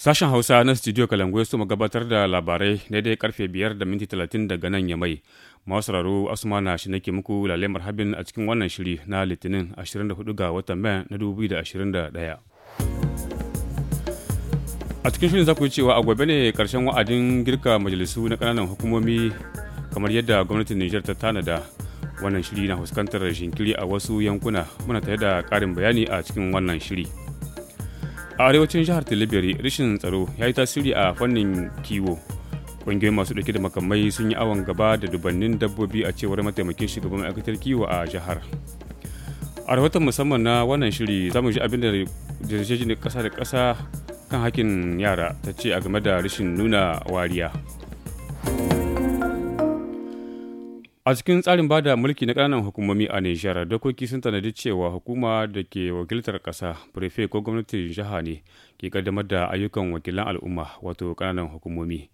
Sashen Hausa na Studio Kalangwe su gabatar da labarai daidai karfe 5 da minti 30 daga nan ya mai. Masararo Asmana shi nake muku lalemar habin a cikin wannan shiri na Litinin 24 ga watan Mai na 2021. A cikin shirin za ku yi cewa a gobe ne karshen wa'adin girka majalisu na kananan hukumomi kamar yadda gwamnatin Nijar ta tanada. Wannan shiri na fuskantar shinkiri a wasu yankuna muna tare da ƙarin bayani a cikin wannan shiri. a arewacin jihar tilibiri rashin tsaro ya yi tasiri a fannin kiwo ƙungiyoyin masu ɗauke da makamai sun yi awon gaba da dubannin dabbobi a cewar mataimakin shugaban ma'aikatar kiwo a jihar a rahoton musamman na wannan shiri za mu ji abin da jirgin kasa da kasa kan hakin yara ta ce a game da rashin nuna wariya. A cikin tsarin bada mulki na ƙananan hukumomi a Nijar, dokoki sun tanadi cewa hukuma da ke wakiltar ƙasa, prefe ko gwamnatin jiha ne ke kaddamar da ayyukan wakilan al'umma wato kananan hukumomi.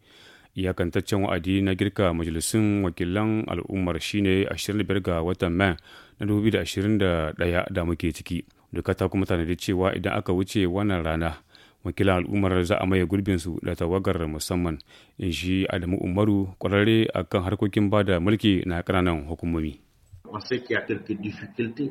Iyakantaccen wa'adi na girka majalisun wakilan al'ummar shine 25 ga watan Mai na 2021 da muke ciki. Doka ta kuma tanadi cewa idan aka wuce wannan rana wakilan al'ummar za a maye su da tawagar musamman in shi adamu umaru kwararre akan harkokin bada mulki na ƙananan hukumomi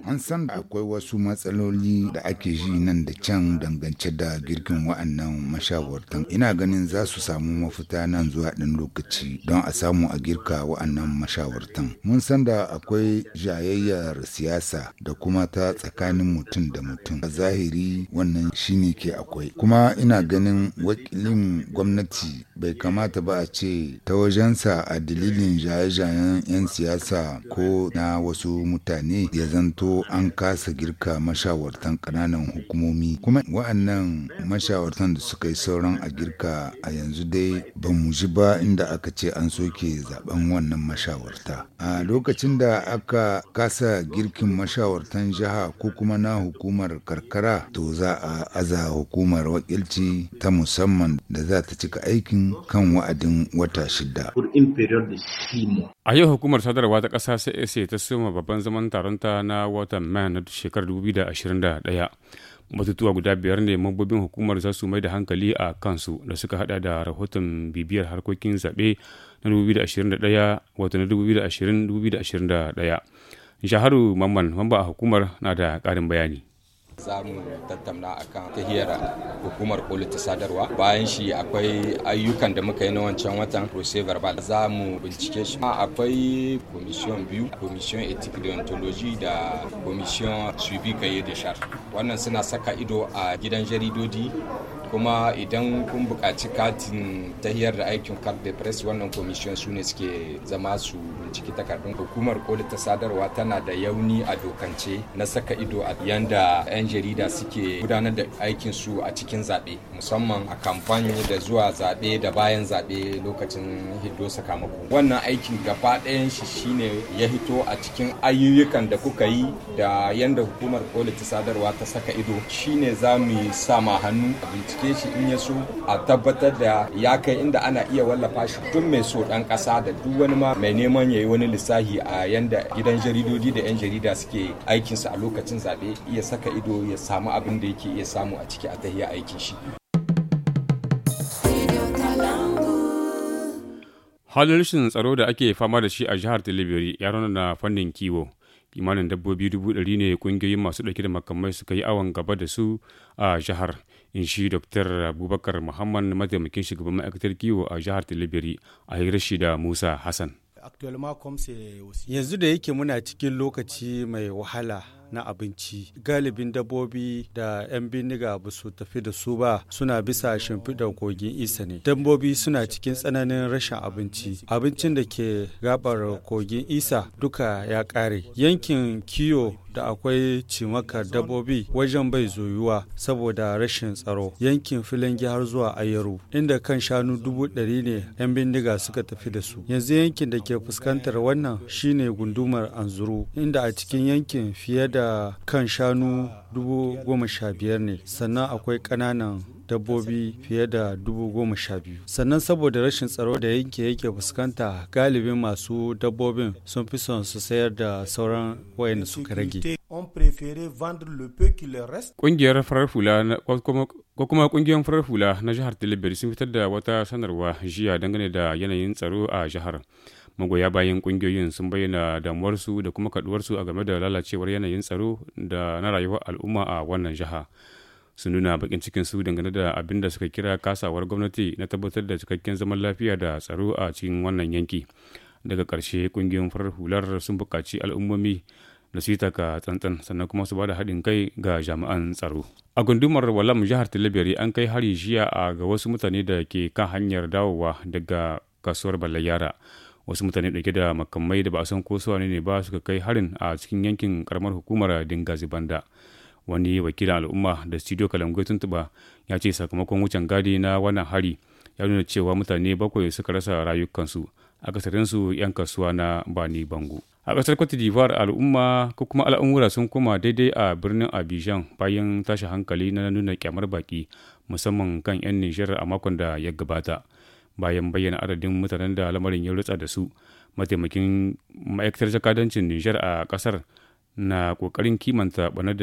An san da akwai wasu matsaloli da ake ji nan da can dangance da girkin wa'annan mashawartan. Ina ganin za su samu mafita nan zuwa ɗan lokaci don a samu a girka wa'annan mashawartan. Mun san da akwai jayayyar siyasa da kuma ta tsakanin mutum da mutum. A zahiri wannan shine ke akwai. Kuma ina ganin wakilin gwamnati bai kamata ba a ce ta wajensa a dalilin jaye-jayen 'yan siyasa ko na wasu mutane ya zanto an kasa girka mashawartan ƙananan hukumomi kuma wa'annan mashawartan da suka yi sauran a girka a yanzu dai ba mu ji ba inda aka ce an soke zaben wannan mashawarta a lokacin da aka kasa girkin mashawartan jiha ko kuma na hukumar karkara to za a aza hukumar wakilci ta musamman da za ta cika aikin kan wa'adin wata shida. A yau hukumar sadarwa ta ƙasa CSA ta soma babban zaman taronta na watan Mayan na shekarar 2021. batutuwa guda biyar ne mambobin hukumar za su mai da hankali a kansu da suka hada da rahoton bibiyar harkokin zaɓe na 2021 wata na 2020-2021 shaharu mamman mamba a hukumar na da ƙarin bayani za mu tattauna akan tahiyar hukumar koli ta sadarwa bayan shi akwai ayyukan da muka yi na wancan watan rose verbal za mu bincike shi akwai commission biyu commission ethic deontology da commission suivi kaye da shar wannan suna saka ido a gidan jaridodi kuma idan kun buƙaci katin ta hiyar da aikin card de press wannan commission su ne suke zama su binciki takardun hukumar koli ta sadarwa tana da yauni a dokance na saka ido a yanda 'yan jarida suke gudanar da aikin su a cikin zaɓe musamman a kamfani da zuwa zaɓe da bayan zaɓe lokacin hiddo sakamako wannan aikin gaba ɗayan shi shine ya hito a cikin ayyukan da kuka yi da yanda hukumar koli ta sadarwa ta saka ido shine za mu sa sama hannu a bincike bincike shi in ya so a tabbatar da ya kai inda ana iya wallafa shi tun mai so ɗan kasa da duk wani ma mai neman yayi wani lissafi a yanda gidan jaridodi da yan jarida suke aikin su a lokacin zabe iya saka ido ya samu abin da yake iya samu a ciki a tahiya aikin shi halin rashin tsaro da ake fama da shi a jihar Tilibiri ya na fannin kiwo. Kimanin dabbobi dubu ɗari ne kungiyoyin masu ɗauke da makamai suka yi awon gaba da su a jihar. in shi dr abubakar muhammad mataimakin shugaban ma'aikatar kiwo a jihar tilibiri a hirar shi da musa hassan yanzu da yake muna cikin lokaci mai wahala na abinci galibin dabbobi da 'yan bindiga ba su tafi da su ba suna bisa shimfiɗar kogin isa ne dabbobi suna cikin tsananin rashin abinci abincin da ke gabar kogin isa duka ya ƙare yankin kiyo da akwai cimakar dabbobi wajen bai zoyuwa saboda rashin tsaro yankin filangi har zuwa ayaru inda kan shanu dubu ɗari ne 'yan bindiga suka tafi da su yanzu yankin da ke fuskantar wannan shine gundumar anzuru inda a cikin yankin fiye da da kan shanu dubu sha biyar ne sannan akwai ƙananan dabbobi fiye da dubu biyu sannan saboda rashin tsaro da yanke yake fuskanta galibin masu dabbobin sun fi son su sayar da sauran wayanda suka rage Ƙungiyar farar fula ko kuma ƙungiyar farar fula na jihar Tilibiri sun fitar da wata sanarwa jiya dangane da yanayin tsaro a jihar. magoya bayan kungiyoyin sun bayyana damuwarsu da kuma kaduwarsu a game da lalacewar yanayin tsaro da na rayuwar al'umma a wannan jiha sun nuna bakin su dangane da abin da suka kira kasawar gwamnati na tabbatar da cikakken zaman lafiya da tsaro a cikin wannan yanki daga karshe kungiyoyin farar hular sun buƙaci al'ummomi da su yi taka tsantsan sannan kuma su ba da haɗin kai ga jami'an tsaro. A gundumar Walam jihar tilibiri an kai hari jiya a ga wasu mutane da ke kan hanyar dawowa daga kasuwar Balayara. yara. wasu mutane dauke da makamai da ba a san ko su ne ba suka kai harin a cikin yankin karamar hukumar dingazi banda wani wakilin al'umma da studio kalangoyi tuntuba ya ce sakamakon wucin gadi na wannan hari ya nuna cewa mutane bakwai suka rasa rayukansu a kasarinsu 'yan kasuwa na bani bango a ƙasar cote d'ivoire al'umma ko kuma al'amura sun koma daidai a birnin abidjan bayan tashi hankali na nuna kyamar baki musamman kan 'yan nijar a makon da ya gabata bayan bayyana adadin mutanen da lamarin ya rutsa da su mataimakin ma'aikatar jakadancin nijar a kasar na kokarin kimanta wani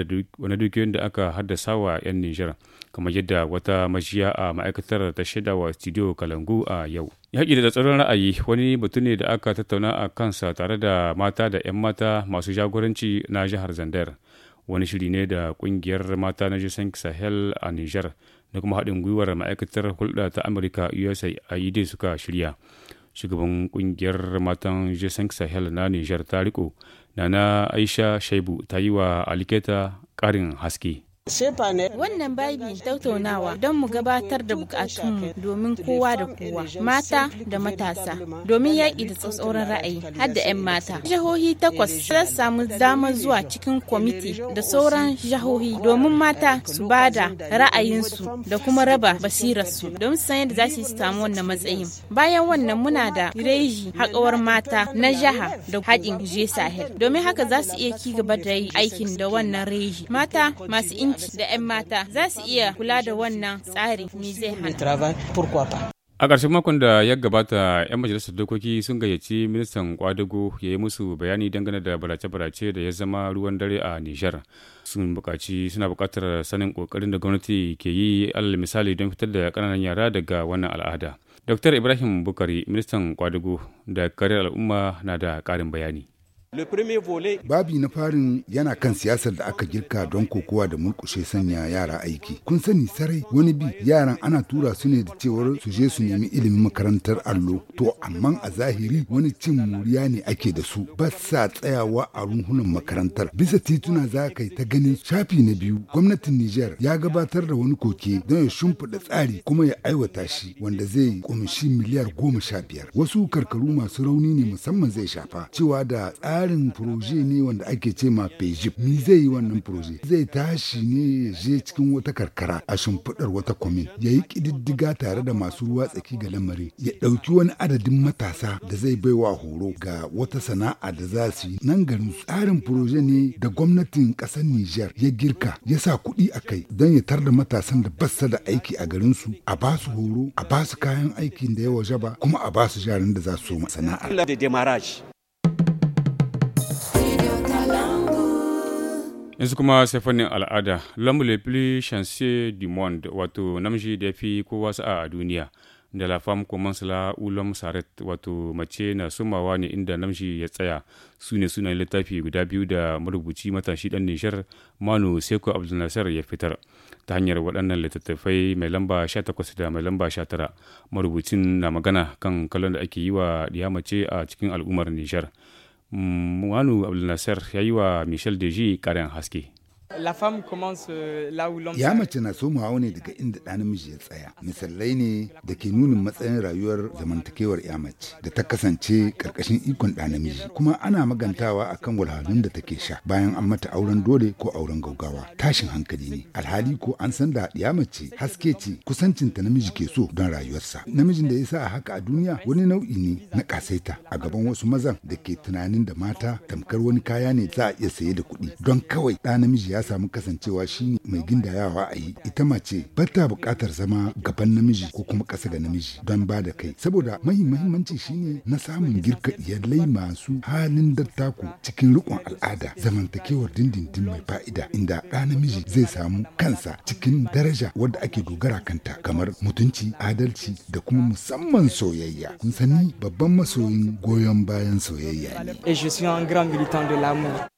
dukiyoyin da aka haddasa wa 'yan nijar kamar yadda wata mashiya a ma'aikatar ta shaida wa studio kalangu a yau yaƙi da tsaron ra'ayi wani batu ne da aka tattauna a kansa tare da mata da 'yan mata masu jagoranci na jihar zandar wani shiri ne da kungiyar mata na jason sahel a niger da kuma haɗin gwiwar ma'aikatar hulɗa ta amurka dai suka shirya shugaban kungiyar matan jason sahel na niger ta riko na na aisha shaibu ta yi wa aliketa ƙarin haske Wannan babi tattaunawa don mu gabatar da bukatunmu domin kowa da kowa, mata da matasa, domin yaƙi da tsatsauran ra'ayi har da 'yan mata. Jihohi takwas za samu damar zuwa cikin kwamiti da sauran jihohi domin mata su ba da ra'ayinsu da kuma raba basirarsu don san yadda za su samu wannan matsayin. Bayan wannan muna da reji haƙawar mata na jiha da haɗin je sahel domin haka za su iya ci gaba da yi aikin da wannan reji. Mata masu da 'yan mata za su iya kula da wannan tsari ni zai hana. A ƙarshen makon da ya gabata, 'yan majalisar dokoki sun gayyaci ministan kwadago ya yi musu bayani dangane da barace-barace da ya zama ruwan dare a Nijar. Sun buƙaci suna buƙatar sanin ƙoƙarin da gwamnati ke yi alal misali don fitar da ƙananan yara daga wannan al'ada. Dr. Ibrahim Bukari, ministan kwadago da kariyar al'umma na da ƙarin bayani. Babi na farin yana kan siyasar da aka girka don kokowa da mulkushe sanya yara aiki. Kun sani sarai wani bi yaran ana tura su ne da cewar su je su nemi ilimin makarantar allo. To amma a zahiri wani cin muriya ne ake da su ba sa tsayawa a runhunan makarantar. Bisa tituna za ka yi ta ganin shafi na biyu gwamnatin Nijar ya gabatar da wani koke don ya shimfiɗa tsari kuma ya aiwata shi wanda zai kumshi miliyar goma sha biyar. Wasu karkaru masu rauni ne musamman zai shafa cewa da tsari tsarin proje ne wanda ake ce ma pejip ni zai yi wannan proje zai tashi ne ya je cikin wata karkara a shimfiɗar wata kwamin ya yi ƙididdiga tare da masu ruwa tsaki ga lamarin ya ɗauki wani adadin matasa da zai baiwa horo ga wata sana'a da za su yi nan garin tsarin proje ne da gwamnatin ƙasar Nijar ya girka ya sa kuɗi a kai don ya tar da matasan da bassa da aiki a garin su a ba su horo a ba su kayan aikin da ya waje ba kuma a ba su jarin da za su sana'a. yanzu kuma sai fannin al'ada lamu le plus chanceux du monde wato namiji da ya fi kowa sa'a a duniya da la femme commence la ulam saret wato mace na sumawa ne inda namshi ya tsaya sune ne sunan littafi guda biyu da marubuci matashi dan nishar manu seko nasir ya fitar ta hanyar waɗannan littattafai mai lamba 18 da mai lamba 19 marubucin na magana kan kallon da ake yi wa mace a cikin al'ummar nishar Muwanu Abdulnasar ya yi wa Michel Deji ƙarin haske. Euh, ya mace na so hawa ne daga inda ɗa namiji ya tsaya. Misalai ne da ke nunin matsayin rayuwar zamantakewar ya mace da ta kasance ƙarƙashin ikon ɗa namiji. Kuma ana magantawa a kan walhalun da take sha bayan an mata auren dole ko auren gaugawa. Tashin hankali ne. Alhali ko an san da ya mace haske ce kusancinta namiji ke so don rayuwarsa. Namijin da ya sa a haka a duniya wani nau'i ne na ƙasaita a gaban wasu mazan da ke tunanin da mata tamkar wani kaya ne za a iya saye da kuɗi don kawai ɗa namiji ya samu kasancewa shine mai gindayawa a yi ita mace ba ta buƙatar zama gaban namiji ko kuma ƙasa ga namiji don ba da kai saboda mahi mahimmanci shine na samun girka iyalai masu halin dattaku cikin riƙon al'ada zamantakewar dindindin mai fa'ida inda ɗa namiji zai samu kansa cikin daraja wadda ake dogara kanta kamar mutunci adalci da kuma musamman soyayya kun sani babban masoyin goyon bayan soyayya ne. je suis un grand militant de l'amour.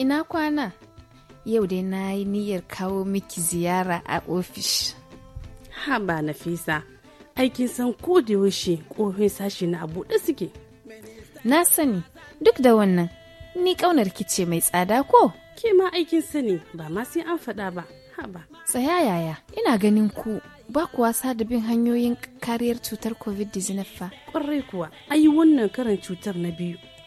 ina kwana yau dai na yi niyyar kawo miki ziyara a ofish ha ba nafisa aikin san ko da yaushe kofin sashi na buɗe suke na sani duk da wannan ni ƙaunar kice mai tsada ko ke ma aikin sani ba ma sai an faɗa ba haba tsaya yaya ina ganin ku ba ku wasa da bin hanyoyin kariyar cutar covid-19 fa ƙwarai kuwa ayi wannan karin cutar na biyu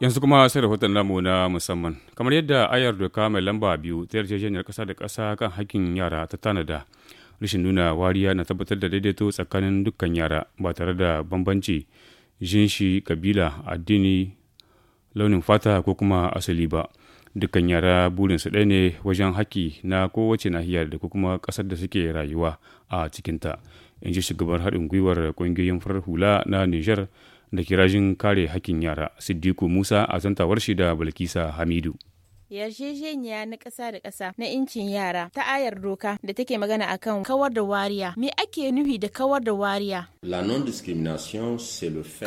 yanzu kuma sai rahoton namu na musamman kamar yadda ayar doka mai lamba biyu ta yarjejeniyar kasa da kasa kan hakkin yara ta tanada rashin nuna wariya na tabbatar da daidaito tsakanin dukkan yara ba tare da bambanci jinshi kabila addini launin fata ko kuma asali ba dukkan yara burinsu ɗaya ne wajen haƙƙi na kowace nahiyar da kuma ƙasar da suke rayuwa a cikinta in ji shugabar haɗin gwiwar ƙungiyoyin farar hula na niger da kirajin kare hakkin yara siddiku musa a zantawar shi da bilkisa hamidu yarjejeniya na ƙasa da ƙasa na incin yara ta ayar doka da take magana akan kawar da wariya me ake nufi da kawar da wariya la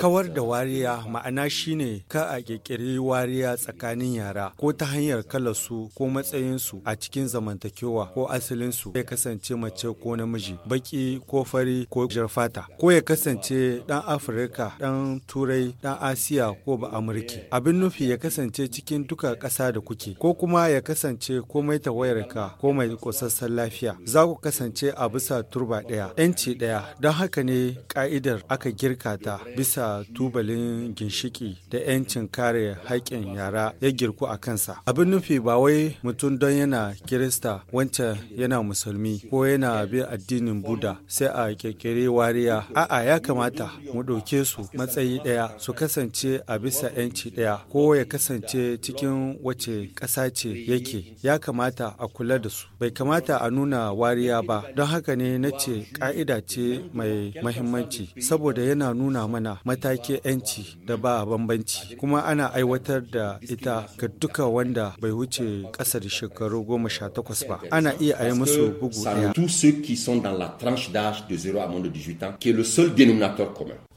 kawar da wariya ma'ana shine ka a kekere wariya tsakanin yara ko ta hanyar su ko matsayinsu a cikin zamantakewa ko asalinsu ya kasance mace ko namiji baki ko fari ko jarfata ko ya kasance ɗan afirka dan turai dan asiya ko ba amurki abin nufi ya kasance cikin duka ƙasa da kuke ko kuma ya kasance komai tawayarka ko mai kusassan lafiya za ku kasance a bisa turba ɗaya yanci ɗaya don haka ne ka'idar aka girka ta bisa tubalin ginshiki da yancin kare haƙƙin yara ya girku a kansa abin nufi ba wai mutum don yana kirista wancan yana musulmi ko yana bin addinin buda sai a kirkiri wariya a'a ya kamata mu ɗauke su matsayi ɗaya su kasance a bisa yanci ɗaya ko ya kasance cikin wace ƙasa ce yake ya kamata a kula da su bai kamata a nuna wariya ba don haka ne na ce ƙa'ida ce mai mahimmanci saboda yana nuna mana matakin 'yanci da ba bambanci kuma ana aiwatar da ita ga duka wanda bai wuce ƙasa da shekaru goma sha takwas ba ana iya a yi musu bugu ɗaya.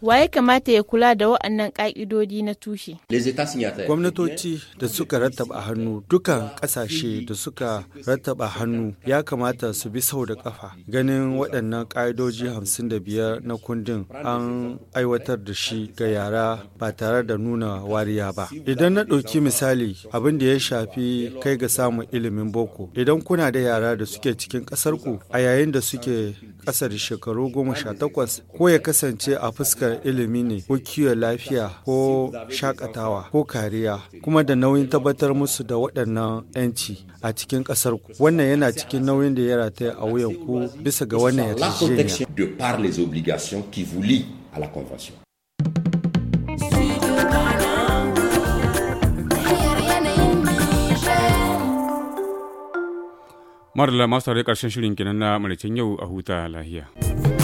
Waye kamata ya kula da waɗannan ƙa'idodi na tushe? Eh Gwamnatoci da suka rattaba a hannu dukan ƙasashe da suka rattaba hannu ya kamata su bi sau da ƙafa ganin waɗannan ƙa'idoji 55 na kundin an aiwatar da shi ga yara ba tare da nuna wariya ba. Idan na ɗauki misali abin da ya shafi kai ga samun ilimin boko idan kuna da yara da suke cikin ƙasarku a yayin da suke ƙasar shekaru goma sha takwas ko ya kasance a fuskar ilimi ne ko kiwon lafiya ko shakatawa ko kariya kuma da nauyin tabbatar musu da waɗannan 'yanci a cikin ƙasar ku wannan yana cikin nauyin da ya rataya a wuyan ku bisa ga wannan yarjejeniya Marla masu tare ƙarshen shirin kinan na maricin yau a huta lahiya.